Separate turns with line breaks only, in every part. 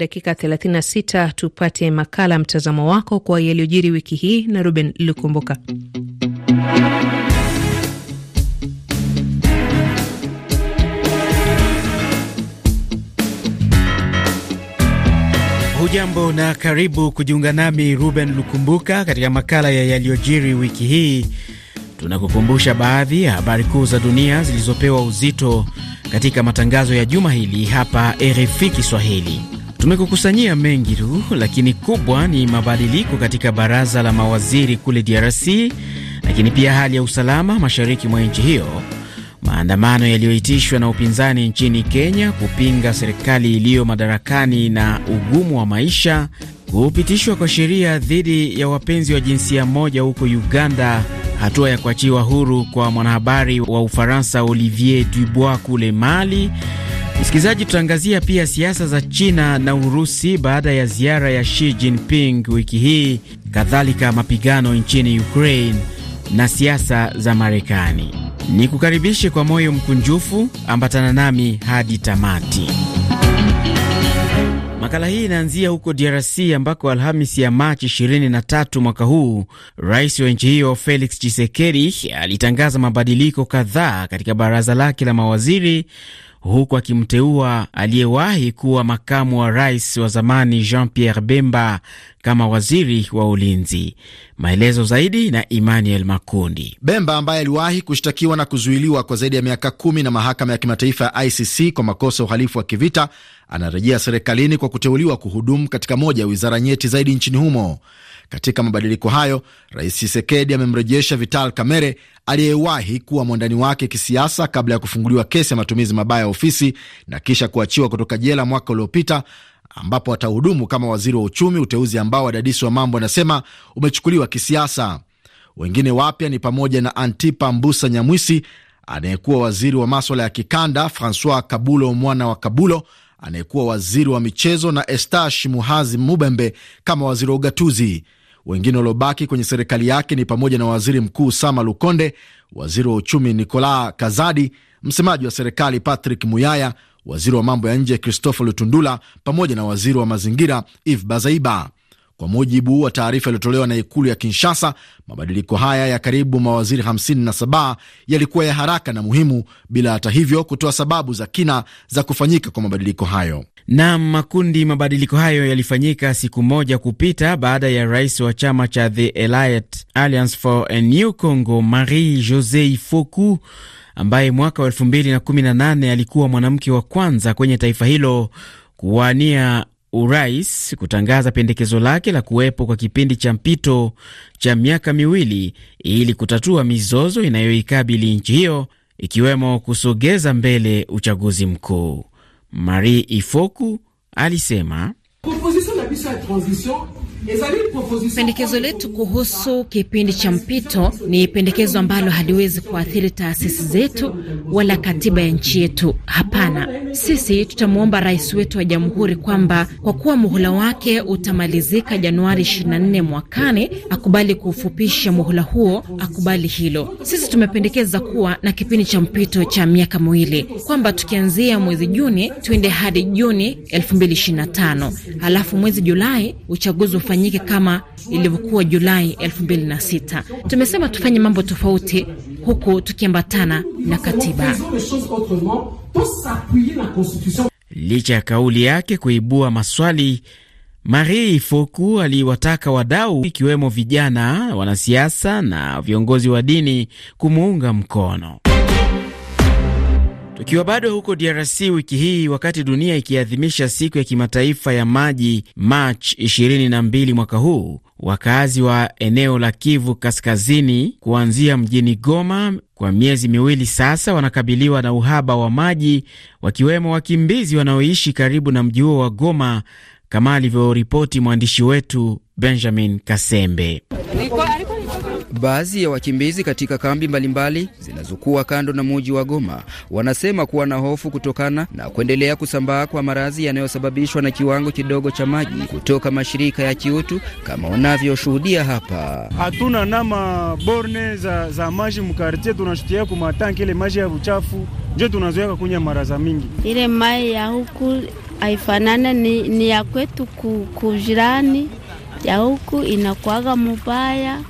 dakika 36 tupate makala mtazamo wako kwa yaliyojiri wiki hii na Ruben Lukumbuka.
Hujambo na karibu kujiunga nami Ruben Lukumbuka katika makala ya yaliyojiri wiki hii. Tunakukumbusha baadhi ya habari kuu za dunia zilizopewa uzito katika matangazo ya juma hili hapa RFI Kiswahili. Tumekukusanyia mengi tu, lakini kubwa ni mabadiliko katika baraza la mawaziri kule DRC, lakini pia hali ya usalama mashariki mwa nchi hiyo, maandamano yaliyoitishwa na upinzani nchini Kenya kupinga serikali iliyo madarakani na ugumu wa maisha, kupitishwa kwa sheria dhidi ya wapenzi wa jinsia moja huko Uganda, hatua ya kuachiwa huru kwa mwanahabari wa Ufaransa Olivier Dubois kule Mali Msikilizaji, tutaangazia pia siasa za China na Urusi baada ya ziara ya Xi Jinping wiki hii, kadhalika mapigano nchini Ukraine na siasa za Marekani. Ni kukaribishe kwa moyo mkunjufu, ambatana nami hadi tamati. Makala hii inaanzia huko DRC ambako alhamis ya Machi 23 mwaka huu rais wa nchi hiyo Felix Tshisekedi alitangaza mabadiliko kadhaa katika baraza lake la mawaziri huku akimteua aliyewahi kuwa makamu wa rais wa zamani Jean Pierre Bemba kama waziri wa ulinzi. Maelezo zaidi na Emmanuel Makundi. Bemba ambaye aliwahi kushtakiwa na kuzuiliwa kwa zaidi ya miaka
kumi na mahakama ya kimataifa ya ICC kwa makosa ya uhalifu wa kivita anarejea serikalini kwa kuteuliwa kuhudumu katika moja ya wizara nyeti zaidi nchini humo. Katika mabadiliko hayo, Rais Chisekedi amemrejesha Vital Kamerhe aliyewahi kuwa mwandani wake kisiasa kabla ya kufunguliwa kesi ya matumizi mabaya ya ofisi na kisha kuachiwa kutoka jela mwaka uliopita ambapo atahudumu kama waziri wa uchumi, uteuzi ambao wadadisi wa mambo anasema umechukuliwa kisiasa. Wengine wapya ni pamoja na Antipa Mbusa Nyamwisi anayekuwa waziri wa maswala ya kikanda, Francois Kabulo mwana wa Kabulo anayekuwa waziri wa michezo na Estash Muhazi Mubembe kama waziri wa ugatuzi. Wengine waliobaki kwenye serikali yake ni pamoja na waziri mkuu Sama Lukonde, waziri wa uchumi nikola Kazadi, msemaji wa serikali Patrick Muyaya, waziri wa mambo ya nje Christopher Lutundula pamoja na waziri wa mazingira Eve Bazaiba. Kwa mujibu wa taarifa iliyotolewa na ikulu ya Kinshasa, mabadiliko haya ya karibu mawaziri 57 yalikuwa ya haraka na muhimu, bila hata hivyo kutoa sababu za kina za kufanyika kwa mabadiliko hayo.
Naam, makundi mabadiliko hayo yalifanyika siku moja kupita baada ya rais wa chama cha The Elite Alliance for a New Congo Marie Jose Ifoku ambaye mwaka wa 2018 alikuwa mwanamke wa kwanza kwenye taifa hilo kuwania urais kutangaza pendekezo lake la kuwepo kwa kipindi cha mpito cha miaka miwili ili kutatua mizozo inayoikabili nchi hiyo ikiwemo kusogeza mbele uchaguzi mkuu. Marie Ifoku alisema
Pendekezo letu kuhusu
kipindi cha mpito ni pendekezo ambalo haliwezi kuathiri taasisi zetu wala katiba ya nchi yetu. Hapana, sisi tutamwomba rais wetu wa jamhuri kwamba kwa kuwa muhula wake utamalizika Januari 24 mwakani, akubali kuufupisha muhula huo, akubali hilo. Sisi tumependekeza kuwa na kipindi cha mpito cha miaka miwili, kwamba tukianzia mwezi Juni tuende hadi Juni 2025 alafu mwezi Julai uchaguzi isifanyike kama ilivyokuwa Julai 2006. Tumesema tufanye mambo tofauti huku tukiambatana na katiba. Licha ya kauli yake kuibua maswali, Marie foku aliwataka wadau ikiwemo vijana, wanasiasa na viongozi wa dini kumuunga mkono. Tukiwa bado huko DRC wiki hii, wakati dunia ikiadhimisha siku ya kimataifa ya maji mach 22 mwaka huu, wakazi wa eneo la Kivu Kaskazini, kuanzia mjini Goma, kwa miezi miwili sasa wanakabiliwa na uhaba wa maji, wakiwemo wakimbizi wanaoishi karibu na mji huo wa Goma, kama alivyoripoti mwandishi wetu Benjamin Kasembe. Baadhi ya wakimbizi katika kambi mbalimbali zinazokuwa kando na muji wa Goma wanasema kuwa na hofu kutokana na kuendelea kusambaa kwa maradhi yanayosababishwa na kiwango kidogo cha maji kutoka mashirika ya kiutu kama unavyoshuhudia hapa.
Hatuna nama borne za, za maji mkartie, tunashutia kumatanki ile maji ya uchafu njo tunazoeka kunya maraza mingi.
Ile mai ya huku haifanane ni, ni ya kwetu kujirani ya huku inakuaga mubaya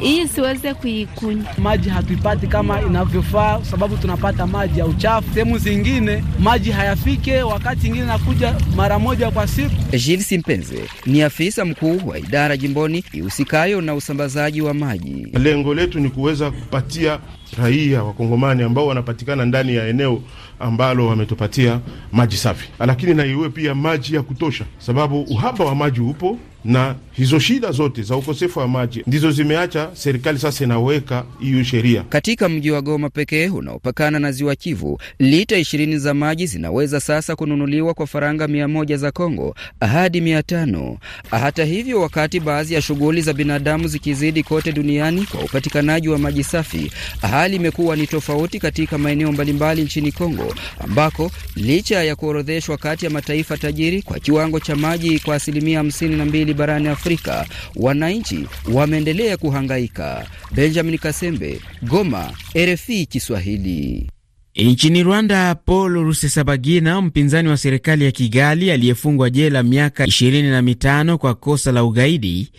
hii siweze kuikunywa. Maji hatuipati kama inavyofaa, sababu tunapata maji ya uchafu sehemu zingine, maji hayafike, wakati ingine nakuja mara moja kwa siku.
Jil Simpenze ni afisa mkuu wa idara jimboni ihusikayo na usambazaji wa maji. Lengo letu ni kuweza kupatia raia wakongomani ambao wanapatikana ndani ya eneo ambalo wametupatia maji safi, lakini na iwe pia maji ya kutosha, sababu uhaba wa maji upo na hizo shida zote za ukosefu wa maji ndizo zimeacha serikali sasa inaweka hiyo sheria. Katika mji wa Goma pekee unaopakana na ziwa Kivu,
lita ishirini za maji zinaweza sasa kununuliwa kwa faranga mia moja za Kongo hadi mia tano. Hata hivyo, wakati baadhi ya shughuli za binadamu zikizidi kote duniani kwa upatikanaji wa maji safi, hali imekuwa ni tofauti katika maeneo mbalimbali nchini Kongo, ambako licha ya kuorodheshwa kati ya mataifa tajiri kwa kiwango cha maji kwa asilimia hamsini na mbili Kiswahili barani Afrika, wananchi wameendelea kuhangaika. Benjamin Kasembe, Goma, RFI Kiswahili. Nchini Rwanda, Paul Rusesabagina, mpinzani wa serikali ya Kigali aliyefungwa jela miaka 25 kwa kosa la ugaidi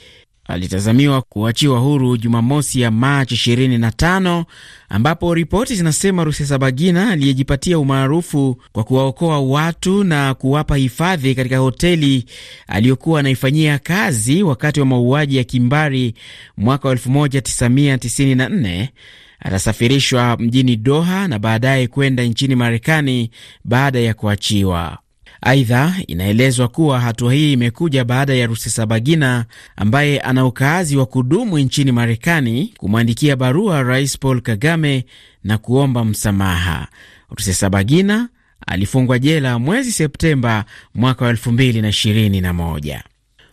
alitazamiwa kuachiwa huru Jumamosi ya Machi 25 ambapo ripoti zinasema Rusesabagina aliyejipatia umaarufu kwa kuwaokoa watu na kuwapa hifadhi katika hoteli aliyokuwa anaifanyia kazi wakati wa mauaji ya kimbari mwaka 1994 atasafirishwa mjini Doha na baadaye kwenda nchini Marekani baada ya kuachiwa. Aidha, inaelezwa kuwa hatua hii imekuja baada ya Rusesabagina ambaye ana ukaazi wa kudumu nchini Marekani kumwandikia barua Rais Paul Kagame na kuomba msamaha. Rusesabagina alifungwa jela mwezi Septemba mwaka wa 2021.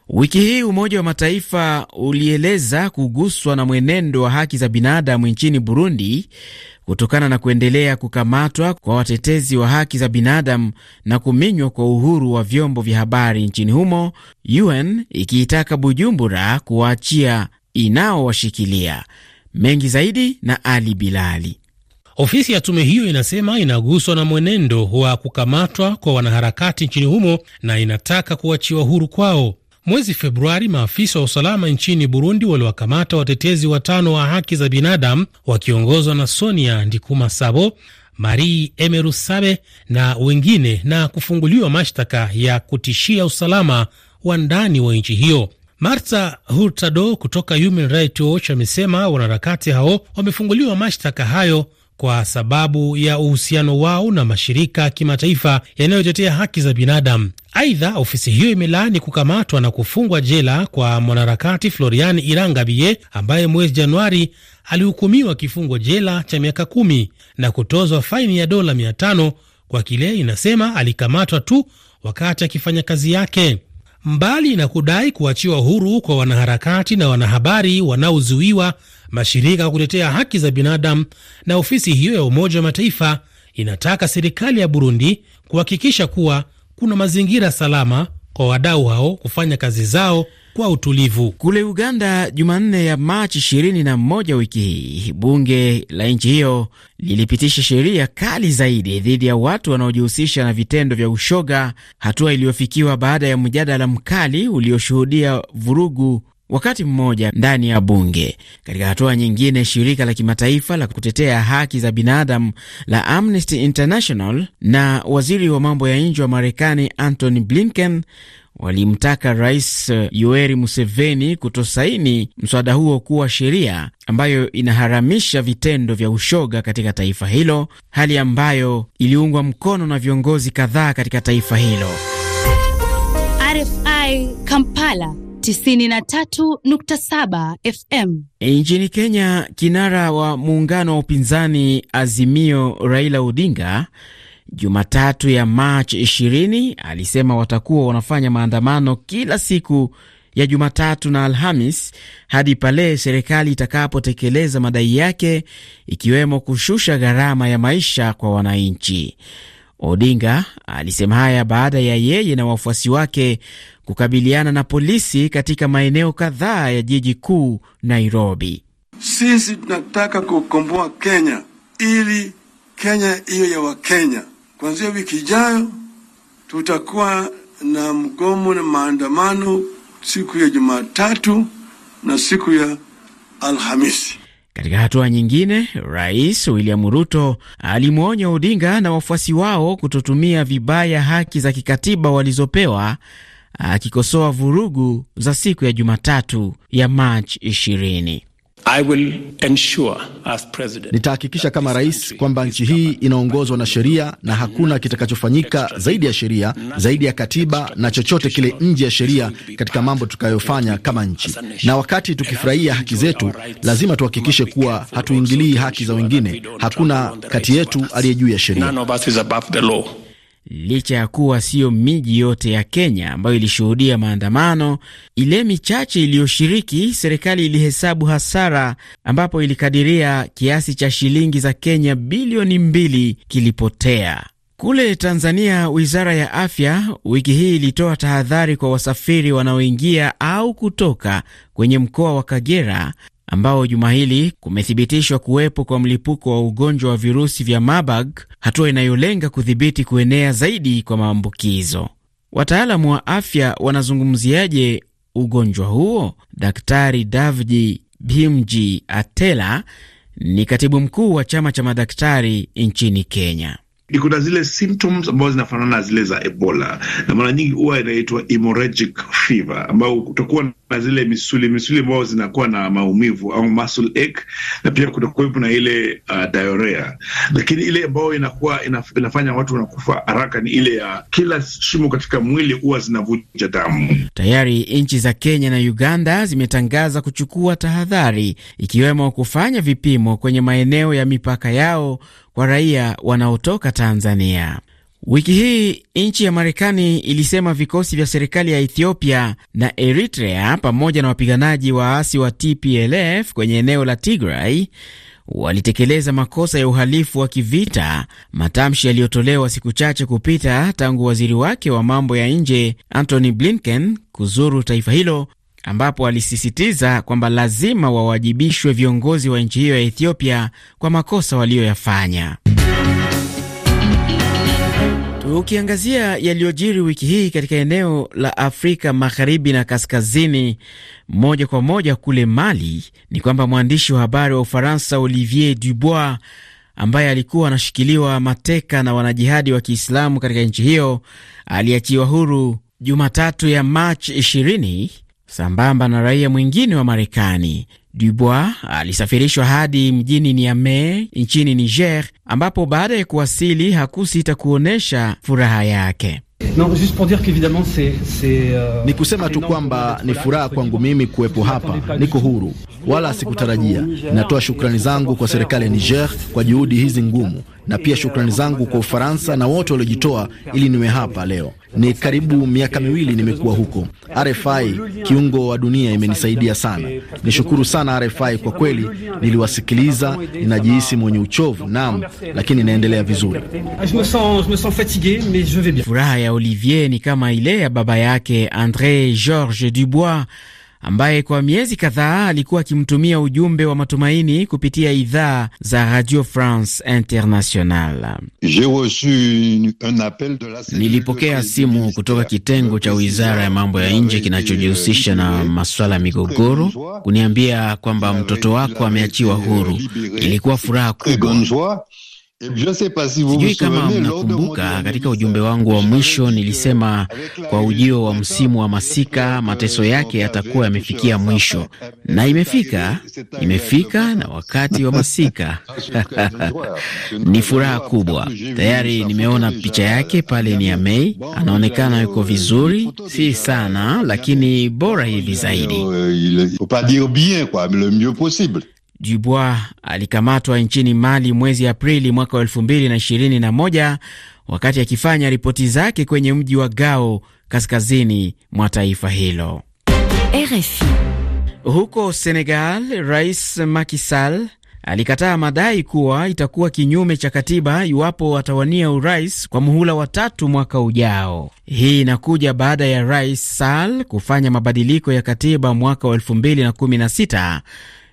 Wiki hii Umoja wa Mataifa ulieleza kuguswa na mwenendo wa haki za binadamu nchini Burundi kutokana na kuendelea kukamatwa kwa watetezi wa haki za binadamu na kuminywa kwa uhuru wa vyombo vya habari nchini humo, UN ikiitaka Bujumbura kuwaachia inaowashikilia.
Mengi zaidi na Ali Bilali. Ofisi ya tume hiyo inasema inaguswa na mwenendo wa kukamatwa kwa wanaharakati nchini humo na inataka kuachiwa huru kwao. Mwezi Februari, maafisa wa usalama nchini Burundi waliwakamata watetezi watano wa haki za binadamu wakiongozwa na Sonia Ndikuma Sabo, Marie Emerusabe na wengine na kufunguliwa mashtaka ya kutishia usalama wa ndani wa nchi hiyo. marta Hurtado kutoka Human Rights Watch amesema wanaharakati hao wamefunguliwa mashtaka hayo kwa sababu ya uhusiano wao na mashirika ya kimataifa yanayotetea haki za binadamu. Aidha, ofisi hiyo imelaani kukamatwa na kufungwa jela kwa mwanaharakati Florian Irangabie ambaye mwezi Januari alihukumiwa kifungo jela cha miaka kumi na kutozwa faini ya dola mia tano kwa kile inasema alikamatwa tu wakati akifanya kazi yake. Mbali na kudai kuachiwa huru kwa wanaharakati na wanahabari wanaozuiwa, mashirika ya kutetea haki za binadamu na ofisi hiyo ya Umoja wa Mataifa inataka serikali ya Burundi kuhakikisha kuwa kuna mazingira salama kwa wadau hao kufanya kazi zao kwa utulivu. Kule Uganda, Jumanne ya Machi
21 wiki hii, bunge la nchi hiyo lilipitisha sheria kali zaidi dhidi ya watu wanaojihusisha na vitendo vya ushoga, hatua iliyofikiwa baada ya mjadala mkali ulioshuhudia vurugu wakati mmoja ndani ya bunge. Katika hatua nyingine, shirika la kimataifa la kutetea haki za binadamu la Amnesty International na waziri wa mambo ya nje wa Marekani Antony Blinken walimtaka Rais uh, Yoweri Museveni kutosaini mswada huo kuwa sheria ambayo inaharamisha vitendo vya ushoga katika taifa hilo, hali ambayo iliungwa mkono na viongozi kadhaa katika taifa hilo.
RFI Kampala 93.7 FM.
E, nchini Kenya, kinara wa muungano wa upinzani Azimio Raila Odinga Jumatatu ya Machi 20 alisema watakuwa wanafanya maandamano kila siku ya Jumatatu na Alhamis hadi pale serikali itakapotekeleza madai yake ikiwemo kushusha gharama ya maisha kwa wananchi. Odinga alisema haya baada ya yeye na wafuasi wake kukabiliana na polisi katika maeneo kadhaa ya jiji kuu Nairobi.
Sisi tunataka kukomboa Kenya ili Kenya hiyo ya Wakenya Kuanzia wiki ijayo tutakuwa na mgomo na maandamano siku ya Jumatatu na siku ya Alhamisi.
Katika hatua nyingine, Rais William Ruto alimwonya Odinga na wafuasi wao kutotumia vibaya haki za kikatiba walizopewa, akikosoa vurugu za siku ya Jumatatu ya Machi 20. Nitahakikisha kama rais kwamba nchi hii inaongozwa na
sheria na hakuna kitakachofanyika zaidi ya sheria, zaidi ya katiba na chochote kile nje ya sheria katika mambo tutakayofanya kama nchi. Na wakati tukifurahia haki zetu,
lazima tuhakikishe kuwa hatuingilii haki za wengine. Hakuna kati yetu aliye juu ya sheria licha ya kuwa siyo miji yote ya Kenya ambayo ilishuhudia maandamano. Ile michache iliyoshiriki, serikali ilihesabu hasara, ambapo ilikadiria kiasi cha shilingi za Kenya bilioni mbili kilipotea. Kule Tanzania, wizara ya afya wiki hii ilitoa tahadhari kwa wasafiri wanaoingia au kutoka kwenye mkoa wa Kagera ambao juma hili kumethibitishwa kuwepo kwa mlipuko wa ugonjwa wa virusi vya Marburg, hatua inayolenga kudhibiti kuenea zaidi kwa maambukizo. Wataalamu wa afya wanazungumziaje ugonjwa huo? Daktari Davji bimji Atela ni katibu mkuu wa chama cha madaktari nchini Kenya.
Kuna zile symptoms ambazo zinafanana na zile za Ebola na mara nyingi huwa inaitwa hemorrhagic fever, ambayo utakuwa na zile misuli misuli ambayo zinakuwa na maumivu au muscle ache, na pia kutokuwepo na ile uh, diarrhea. Lakini ile ambayo inakuwa inaf, inafanya watu wanakufa haraka ni ile ya uh, kila shimo katika mwili huwa zinavuja damu.
Tayari nchi za Kenya na Uganda zimetangaza kuchukua tahadhari, ikiwemo kufanya vipimo kwenye maeneo ya mipaka yao kwa raia wanaotoka Tanzania. Wiki hii nchi ya Marekani ilisema vikosi vya serikali ya Ethiopia na Eritrea pamoja na wapiganaji waasi wa TPLF kwenye eneo la Tigray walitekeleza makosa ya uhalifu wa kivita, matamshi yaliyotolewa siku chache kupita tangu waziri wake wa mambo ya nje Antony Blinken kuzuru taifa hilo, ambapo alisisitiza kwamba lazima wawajibishwe viongozi wa nchi hiyo ya Ethiopia kwa makosa waliyoyafanya. Tukiangazia yaliyojiri wiki hii katika eneo la Afrika magharibi na kaskazini, moja kwa moja kule Mali, ni kwamba mwandishi wa habari wa Ufaransa Olivier Dubois ambaye alikuwa anashikiliwa mateka na wanajihadi wa Kiislamu katika nchi hiyo aliachiwa huru Jumatatu ya Machi 20 sambamba na raia mwingine wa Marekani. Dubois alisafirishwa hadi mjini Niamey nchini Niger, ambapo baada ya kuwasili hakusita kuonyesha furaha yake.
Euh,
ni kusema tu kwamba ni furaha kwangu mimi kuwepo hapa, niko huru wala sikutarajia. Natoa shukrani zangu kwa serikali ya Niger kwa juhudi hizi ngumu, na pia shukrani zangu kwa Ufaransa na wote waliojitoa ili niwe hapa leo. Ni karibu miaka miwili nimekuwa huko. RFI kiungo wa dunia imenisaidia sana. Nishukuru sana RFI kwa kweli, niliwasikiliza. Ninajihisi mwenye uchovu, nam lakini naendelea vizuri.
Furaha ya Olivier ni kama ile ya baba yake Andre george Dubois ambaye kwa miezi kadhaa alikuwa akimtumia ujumbe wa matumaini kupitia idhaa za Radio France International. Nilipokea simu kutoka kitengo cha wizara ya mambo ya nje kinachojihusisha na maswala ya migogoro kuniambia kwamba mtoto wako ameachiwa huru. Ilikuwa furaha
kubwa. Sijui kama
mnakumbuka, katika ujumbe wangu wa mwisho nilisema kwa ujio wa msimu wa masika mateso yake yatakuwa yamefikia mwisho, na imefika, imefika na wakati wa masika ni furaha kubwa. Tayari nimeona picha yake pale ni amei anaonekana yuko euh, vizuri, si sana, lakini bora hivi zaidi. Dubois alikamatwa nchini Mali mwezi Aprili mwaka 2021 wakati akifanya ripoti zake kwenye mji wa Gao kaskazini mwa taifa hilo. RFI. Huko Senegal, Rais Macky Sall alikataa madai kuwa itakuwa kinyume cha katiba iwapo watawania urais kwa muhula wa tatu mwaka ujao. Hii inakuja baada ya Rais Sall kufanya mabadiliko ya katiba mwaka wa 2016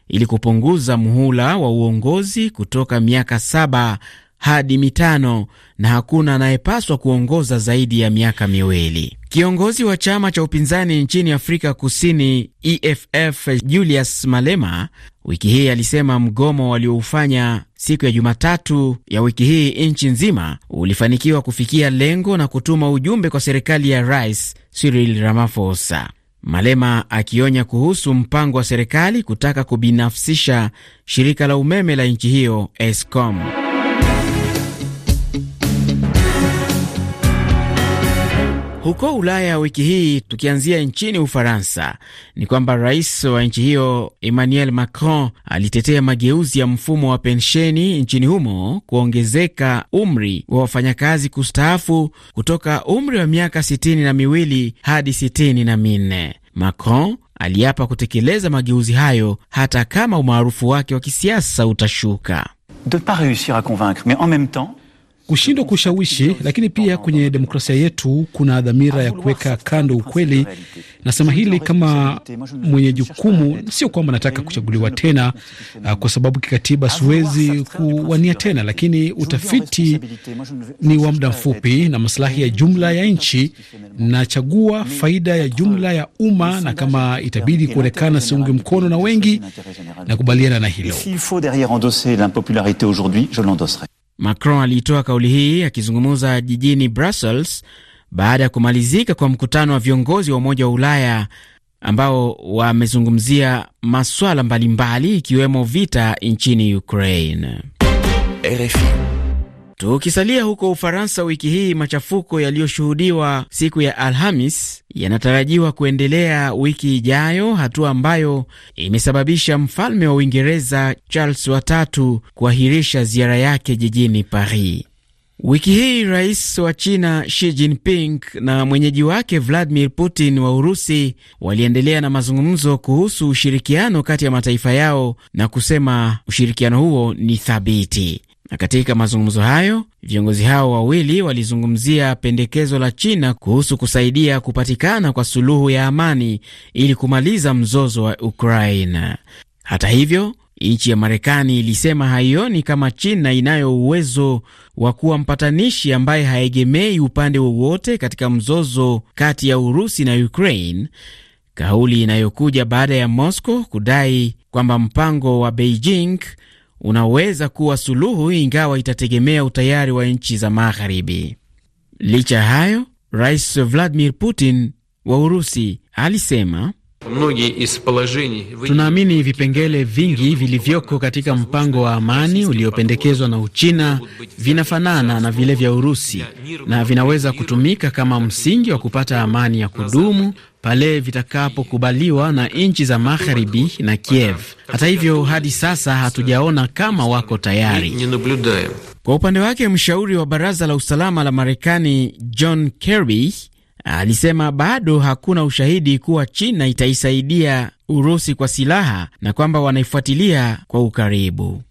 ili kupunguza muhula wa uongozi kutoka miaka saba hadi mitano na hakuna anayepaswa kuongoza zaidi ya miaka miwili. Kiongozi wa chama cha upinzani nchini Afrika Kusini EFF Julius Malema wiki hii alisema mgomo walioufanya siku ya Jumatatu ya wiki hii nchi nzima ulifanikiwa kufikia lengo na kutuma ujumbe kwa serikali ya Rais Cyril Ramaphosa. Malema akionya kuhusu mpango wa serikali kutaka kubinafsisha shirika la umeme la nchi hiyo Eskom. Huko Ulaya wiki hii, tukianzia nchini Ufaransa, ni kwamba rais wa nchi hiyo Emmanuel Macron alitetea mageuzi ya mfumo wa pensheni nchini humo, kuongezeka umri wa wafanyakazi kustaafu kutoka umri wa miaka sitini na miwili hadi sitini na minne. Macron aliapa kutekeleza mageuzi hayo hata kama umaarufu wake wa kisiasa utashuka. De pas réussir à convaincre mais en même temps kushindwa kushawishi, lakini pia kwenye demokrasia yetu kuna dhamira ya kuweka kando ukweli. Nasema hili kama mwenye jukumu, sio kwamba nataka kuchaguliwa tena,
uh, kwa sababu kikatiba siwezi kuwania tena, lakini utafiti
ni wa muda mfupi
na masilahi ya jumla ya nchi. Nachagua faida ya jumla ya umma, na kama itabidi kuonekana siungi mkono na wengi, nakubaliana
na hilo.
Macron aliitoa kauli hii akizungumza jijini Brussels baada ya kumalizika kwa mkutano wa viongozi wa Umoja wa Ulaya ambao wamezungumzia maswala mbalimbali ikiwemo vita nchini Ukraine. RFI. Tukisalia huko Ufaransa, wiki hii machafuko yaliyoshuhudiwa siku ya Alhamis yanatarajiwa kuendelea wiki ijayo, hatua ambayo imesababisha mfalme wa Uingereza Charles watatu kuahirisha ziara yake jijini Paris. Wiki hii rais wa China Xi Jinping na mwenyeji wake Vladimir Putin wa Urusi waliendelea na mazungumzo kuhusu ushirikiano kati ya mataifa yao na kusema ushirikiano huo ni thabiti. Na katika mazungumzo hayo viongozi hao wawili walizungumzia pendekezo la China kuhusu kusaidia kupatikana kwa suluhu ya amani ili kumaliza mzozo wa ukraine Hata hivyo, nchi ya Marekani ilisema haioni kama China inayo uwezo wa kuwa mpatanishi ambaye haegemei upande wowote katika mzozo kati ya Urusi na Ukraine, kauli inayokuja baada ya Moscow kudai kwamba mpango wa Beijing unaweza kuwa suluhu, ingawa itategemea utayari wa nchi za Magharibi. Licha ya hayo, Rais Vladimir Putin wa Urusi alisema Tunaamini vipengele vingi vilivyoko katika mpango wa amani uliopendekezwa na Uchina vinafanana na vile vya Urusi na vinaweza kutumika kama msingi wa kupata amani ya kudumu pale vitakapokubaliwa na nchi za magharibi na Kiev. Hata hivyo, hadi sasa hatujaona kama wako tayari. Kwa upande wake, mshauri wa baraza la usalama la Marekani John Kerry alisema bado hakuna ushahidi kuwa China itaisaidia Urusi kwa silaha na kwamba wanaifuatilia kwa ukaribu.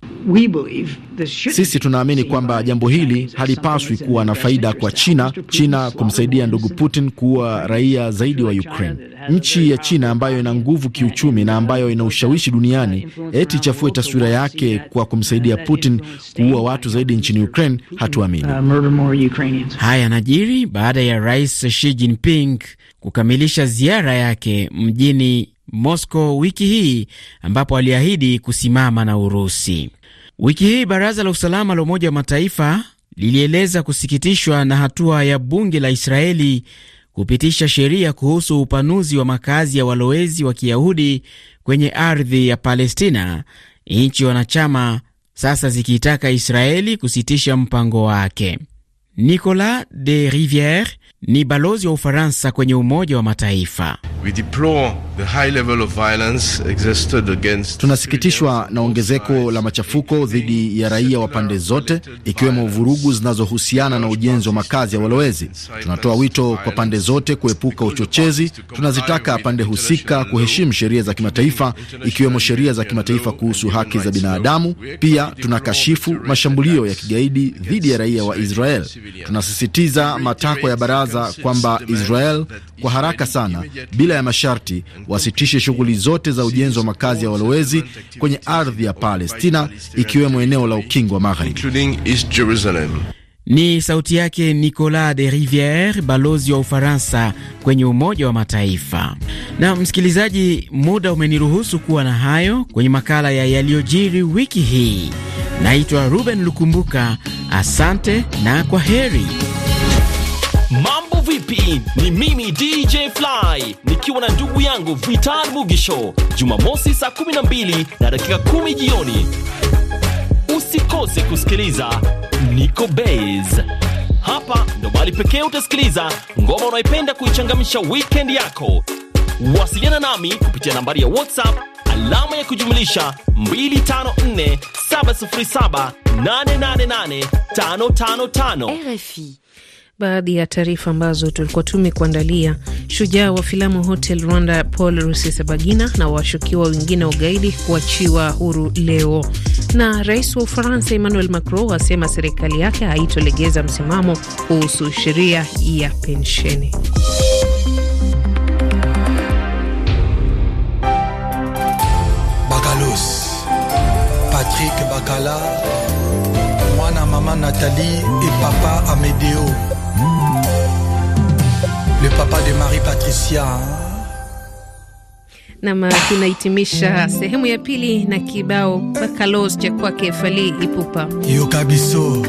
Sisi tunaamini kwamba jambo hili halipaswi kuwa na faida kwa China, China kumsaidia ndugu Putin kuua raia zaidi wa Ukraine. Nchi ya China ambayo ina nguvu kiuchumi na ambayo ina ushawishi duniani, eti ichafue
taswira yake kwa kumsaidia Putin kuua watu zaidi nchini Ukraine, hatuamini. Uh, Haya najiri baada ya Rais Xi Jinping kukamilisha ziara yake mjini Moscow wiki hii ambapo aliahidi kusimama na Urusi. Wiki hii baraza la usalama la Umoja wa Mataifa lilieleza kusikitishwa na hatua ya bunge la Israeli kupitisha sheria kuhusu upanuzi wa makazi ya walowezi wa Kiyahudi kwenye ardhi ya Palestina, nchi wanachama sasa zikiitaka Israeli kusitisha mpango wake. Nicolas de Riviere ni balozi wa Ufaransa kwenye Umoja wa Mataifa. Tunasikitishwa na
ongezeko la machafuko dhidi ya raia wa pande zote, ikiwemo vurugu zinazohusiana na ujenzi wa makazi ya walowezi. Tunatoa wito kwa pande zote kuepuka uchochezi. Tunazitaka pande husika kuheshimu sheria za kimataifa, ikiwemo sheria za kimataifa kuhusu haki za binadamu. Pia tunakashifu mashambulio ya kigaidi dhidi ya raia wa Israel. Tunasisitiza matakwa ya baraza kutangaza kwamba Israel kwa haraka sana, bila ya masharti, wasitishe shughuli zote za ujenzi wa makazi ya walowezi kwenye ardhi ya Palestina, ikiwemo eneo la ukingo wa Magharibi.
Ni sauti yake Nicolas de Riviere, balozi wa Ufaransa kwenye Umoja wa Mataifa. Na msikilizaji, muda umeniruhusu kuwa na hayo kwenye makala ya yaliyojiri wiki hii. Naitwa Ruben Lukumbuka, asante na kwa
heri. Mambo vipi? Ni mimi DJ Fly nikiwa na ndugu yangu Vital Mugisho, Jumamosi saa 12 na dakika 10 jioni, usikose kusikiliza Niko bas Hapa ndo bali pekee utasikiliza ngoma unaipenda kuichangamisha weekend yako. Wasiliana nami kupitia nambari ya WhatsApp alama ya kujumlisha 254 707 RFI baadhi ya taarifa ambazo tulikuwa tumekuandalia. Shujaa wa filamu Hotel Rwanda Paul Rusesabagina na washukiwa wengine wa ugaidi kuachiwa huru leo, na rais wa Ufaransa Emmanuel Macron asema serikali yake haitolegeza msimamo kuhusu sheria ya pensheni. Bakalos
Patrick Bakala mwana mama Natalie e papa Amedeo Le papa de Marie Patricia.
Nam, tunahitimisha sehemu ya pili na kibao Bakalos cha kwake fali Ipupa
yo kabiso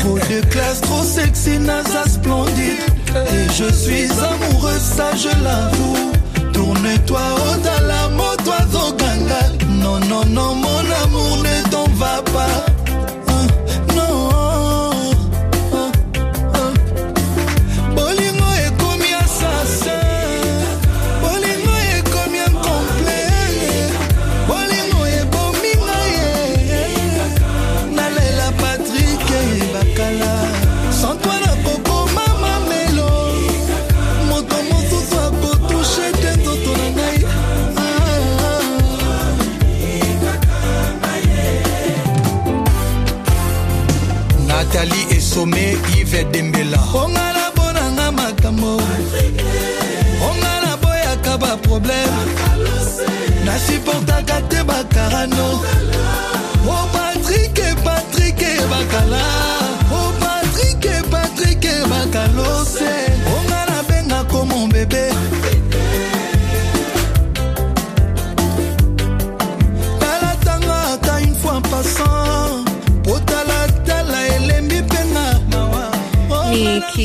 Trop de classe, trop sexy, NASA splendide. Et je suis amoureux, ça je l'avoue. Tourne-toi oh, au Dalamo, toi ganga Non, non, non, mon amour ne t'en va pas. nunca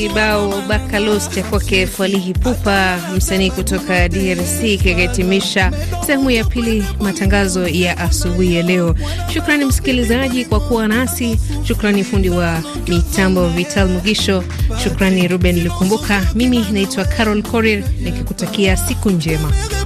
kibao bakalos cha kwake Falihi Pupa, msanii kutoka DRC, kikihitimisha sehemu ya pili matangazo ya asubuhi ya leo. Shukrani msikilizaji kwa kuwa nasi, shukrani fundi wa mitambo Vital Mugisho, shukrani Ruben Lukumbuka. Mimi naitwa Carol Corir nikikutakia siku njema.